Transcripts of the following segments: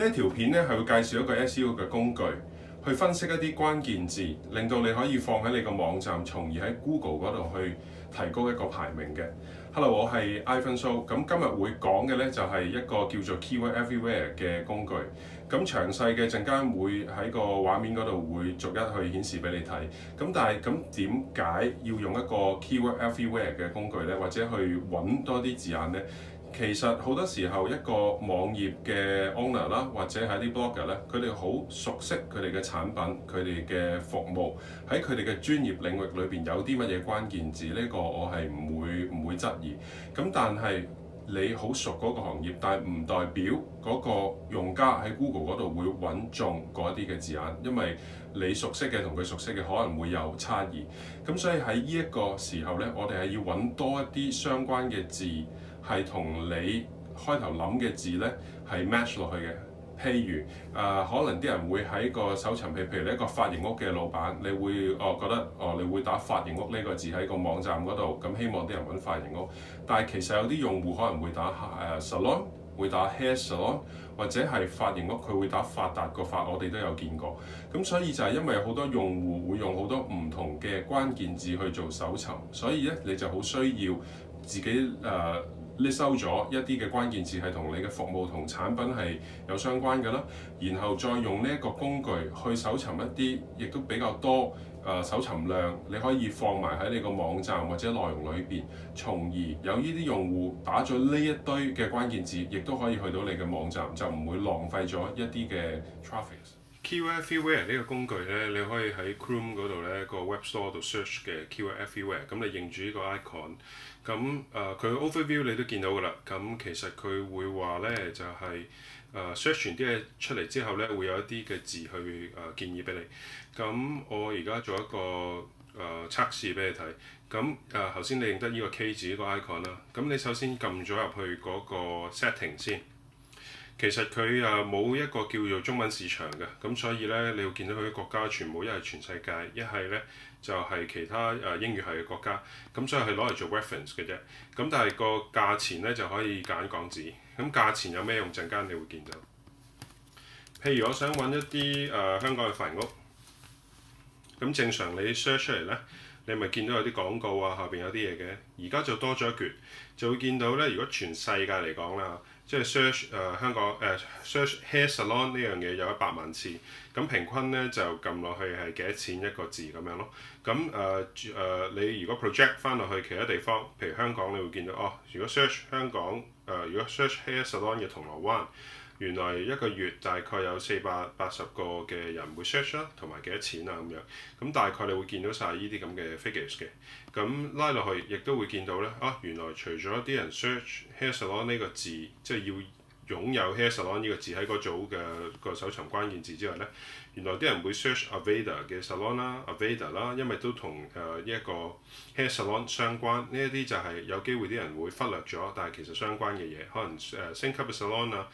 呢一條片咧係會介紹一個 SEO 嘅工具，去分析一啲關鍵字，令到你可以放喺你個網站，從而喺 Google 嗰度去提高一個排名嘅。Hello，我係 Ivan So，咁今日會講嘅咧就係一個叫做 Keyword Everywhere 嘅工具。咁詳細嘅陣間會喺個畫面嗰度會逐一去顯示俾你睇。咁但係咁點解要用一個 Keyword Everywhere 嘅工具咧，或者去揾多啲字眼咧？其實好多時候，一個網頁嘅 owner 啦，或者係啲 blogger 咧，佢哋好熟悉佢哋嘅產品，佢哋嘅服務喺佢哋嘅專業領域裏邊有啲乜嘢關鍵字呢？呢個我係唔會唔會質疑咁。但係你好熟嗰個行業，但係唔代表嗰個用家喺 Google 嗰度會揾中嗰啲嘅字眼，因為你熟悉嘅同佢熟悉嘅可能會有差異。咁所以喺呢一個時候咧，我哋係要揾多一啲相關嘅字。係同你開頭諗嘅字咧係 match 落去嘅。譬如啊、呃，可能啲人會喺個搜尋器，譬如你一個髮型屋嘅老闆，你會哦覺得哦，你會打髮型屋呢個字喺個網站嗰度，咁希望啲人揾髮型屋。但係其實有啲用戶可能會打誒、呃、salon，會打 hair salon，或者係髮型屋佢會打發達、嗰個發，我哋都有見過。咁所以就係因為好多用戶會用好多唔同嘅關鍵字去做搜尋，所以咧你就好需要。自己誒匿、uh, 收咗一啲嘅關鍵字，係同你嘅服務同產品係有相關嘅啦，然後再用呢一個工具去搜尋一啲，亦都比較多誒、uh, 搜尋量，你可以放埋喺你個網站或者內容裏邊，從而有呢啲用戶打咗呢一堆嘅關鍵字，亦都可以去到你嘅網站，就唔會浪費咗一啲嘅 traffic。Keywords Everywhere 呢個工具咧，你可以喺 Chrome 嗰度咧，個 Web Store 度 search 嘅 Keywords Everywhere，咁你認住呢個 icon，咁誒佢、呃、overview 你都見到㗎啦。咁其實佢會話咧就係誒 search 完啲嘢出嚟之後咧，會有一啲嘅字去誒、呃、建議俾你。咁我而家做一個誒、呃、測試俾你睇。咁誒頭先你認得呢個 K 字呢個 icon 啦。咁你首先撳咗入去嗰個 setting 先。其實佢誒冇一個叫做中文市場嘅，咁所以咧，你會見到佢啲國家全部一係全世界，一係咧就係、是、其他誒英語系嘅國家，咁所以係攞嚟做 reference 嘅啫。咁但係個價錢咧就可以揀港紙，咁價錢有咩用？陣間你會見到。譬如我想揾一啲誒、呃、香港嘅房屋，咁正常你 search 出嚟咧。你咪見到有啲廣告啊，下邊有啲嘢嘅，而家就多咗一橛，就會見到咧。如果全世界嚟講啦，即係 search 誒、呃、香港誒、呃、search hair salon 呢樣嘢有一百萬次，咁平均咧就撳落去係幾多錢一個字咁樣咯。咁誒誒，你如果 project 返落去其他地方，譬如香港，你會見到哦。如果 search 香港誒，如果 search hair salon 嘅銅鑼灣，原來一個月大概有四百八十個嘅人會 search 啦，同埋幾多錢啊咁樣，咁大概你會見到晒呢啲咁嘅 figures 嘅，咁拉落去亦都會見到咧，啊，原來除咗啲人 search hair salon 呢個字，即係要。擁有 hair salon 呢個字喺嗰組嘅個搜尋關鍵字之外呢，原來啲人會 search Avada 嘅 salon 啦、Avada 啦，因為都同誒呢一個 hair salon 相關。呢一啲就係有機會啲人會忽略咗，但係其實相關嘅嘢可能誒升級嘅 salon 啊。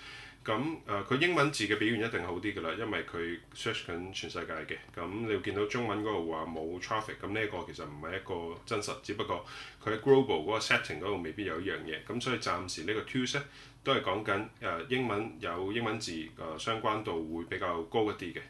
咁誒佢英文字嘅表現一定好啲㗎啦，因為佢 search 緊全世界嘅，咁你會見到中文嗰度話冇 traffic，咁呢個其實唔係一個真實，只不過佢喺 global 嗰個 setting 嗰度未必有一樣嘢，咁所以暫時呢個 cues 都係講緊誒英文有英文字誒、呃、相關度會比較高一啲嘅。